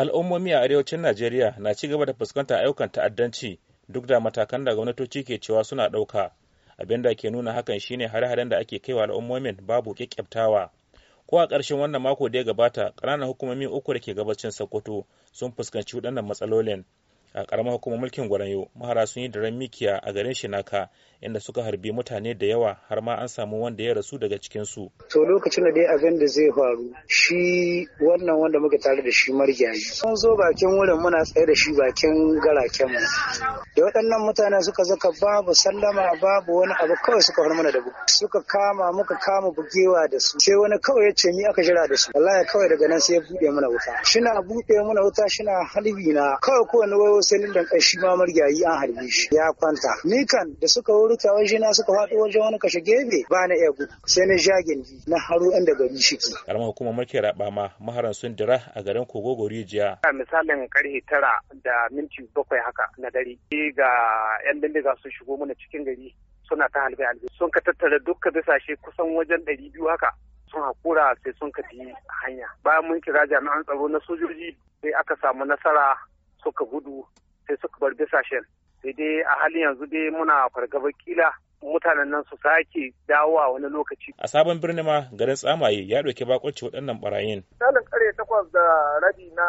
al'ummomi a arewacin najeriya na ci gaba da fuskantar ayyukan ta'addanci duk da matakan da gwamnatoci ke cewa suna ɗauka abin da ke nuna hakan shine hare-haren da ake kaiwa al'ummomin babu kyakkyabtawa ko a ƙarshen wannan mako da ya gabata ƙananan hukumomi uku da ke gabacin sokoto sun fuskanci waɗannan matsalolin a karamar hukumar mulkin gwarayo mahara sun yi daren mikiya a garin shinaka inda suka harbi mutane da yawa har ma an samu wanda ya rasu daga cikinsu. to lokacin da dai abin da zai faru shi wannan wanda muka tare da shi marjayi sun zo bakin wurin muna tsaye da shi bakin garaken mu da waɗannan mutane suka zaka babu sallama babu wani abu kawai suka har mana da bu suka kama muka kama bugewa da su sai wani kawai ya ce ni aka jira da su wallahi kawai daga nan sai ya buɗe mana wuta shina buɗe mana wuta shina harbi na kawai kowane wayo Sanin da shi ma margayi an harbe shi ya kwanta ni kan da suka wurta waje na suka faɗo wajen wani kashe gebe ba na iya gudu sai na ja gindi na haro inda gari shi ke karamar hukumar mulkin raba ma maharan sun dira a garin kogogo jiya. a misalin karfe tara da minti bakwai haka na dare ga yan bindiga sun shigo mana cikin gari suna ta halbe halbe sun ka tattara dukkan bisashe kusan wajen ɗari biyu haka sun haƙura sai sun ka hanya bayan mun kira jami'an tsaro na sojoji sai aka samu nasara suka gudu sai suka bar bisashen sai dai a halin yanzu dai muna fargaba kila mutanen nan su sake a wani lokaci. A sabon birni ma garin tsamaye ya ɗauki bakunci waɗannan barayin. Misalin kare takwas da rabi na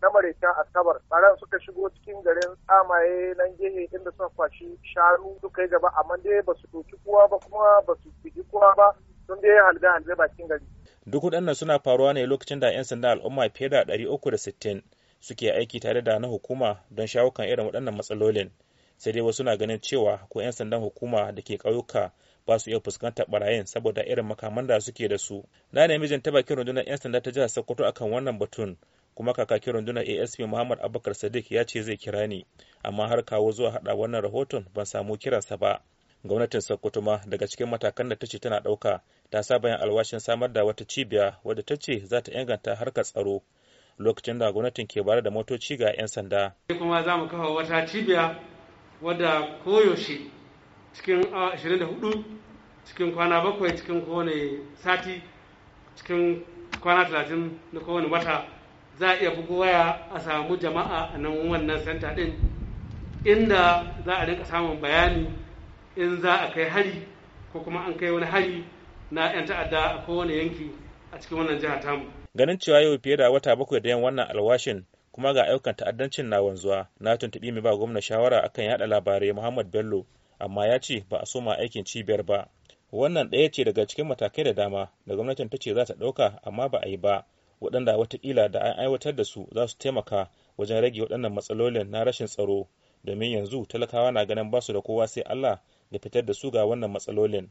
na maraicin asabar ɓaran suka shigo cikin garin tsamaye nan gehe inda suka kwashi shanu suka yi gaba amma dai ba su doki kowa ba kuma ba su fiji kowa ba sun dai halbe halbe bakin gari. Duk waɗannan suna faruwa ne lokacin da 'yan sanda al'umma fiye da ɗari uku da sittin. suke aiki tare da na hukuma don shawo kan irin waɗannan matsalolin sai dai wasu na ganin cewa ko 'yan sandan hukuma da ke ƙauyuka ba su iya fuskantar barayin saboda irin makaman da suke da su na nemi jin ta bakin rundunar 'yan sanda ta jihar sokoto akan wannan batun kuma kakakin rundunar asp muhammad abubakar sadiq ya ce zai kira ni amma har kawo zuwa hada wannan rahoton ban samu kiransa ba gwamnatin sokoto ma daga cikin matakan da ta ce tana ɗauka ta saba bayan alwashin samar da wata cibiya wadda ta ce za ta inganta harkar tsaro lokacin da gwamnatin ke bayar da motoci ga 'yan sanda. kuma za mu kafa wata cibiya wadda koyaushe cikin 24 cikin kwana bakwai cikin kowane sati cikin kwana 30 na kowane wata za a iya bugu waya a samu jama'a a nan wannan santa din inda za a rinka samun bayani in za a kai hari ko kuma an kai wani hari na 'yan ta'adda a kowane yanki a cikin wannan jiha tamu ganin cewa yau fiye da wata bakwai da yan wannan alwashin kuma ga ayyukan ta'addancin na wanzuwa na tuntuɓi mai ba gwamna shawara akan yaɗa labarai muhammad bello amma ya ce ba a soma aikin cibiyar ba wannan ɗaya ce daga cikin matakai da dama da gwamnatin ta ce za ta ɗauka amma ba a yi ba waɗanda watakila da an aiwatar da su za su taimaka wajen rage waɗannan matsalolin na rashin tsaro domin yanzu talakawa na ganin basu da kowa sai allah da fitar da su ga wannan matsalolin